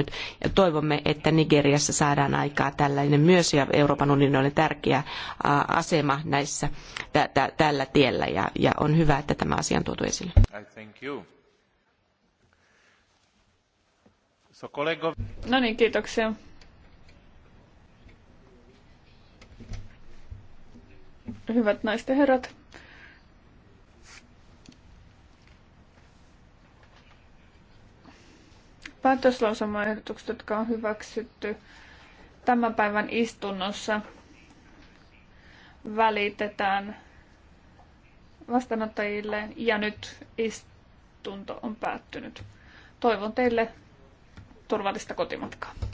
nyt. Ja toivomme, että Nigeriassa saadaan aikaan tällainen myös ja Euroopan unionin on tärkeä asema näissä, tällä tiellä ja, ja on hyvä, että tämä asia on tuotu esille. No niin, kiitoksia. Hyvät naiset ja herrat. päätöslauselmaehdotukset, jotka on hyväksytty tämän päivän istunnossa, välitetään vastaanottajille ja nyt istunto on päättynyt. Toivon teille turvallista kotimatkaa.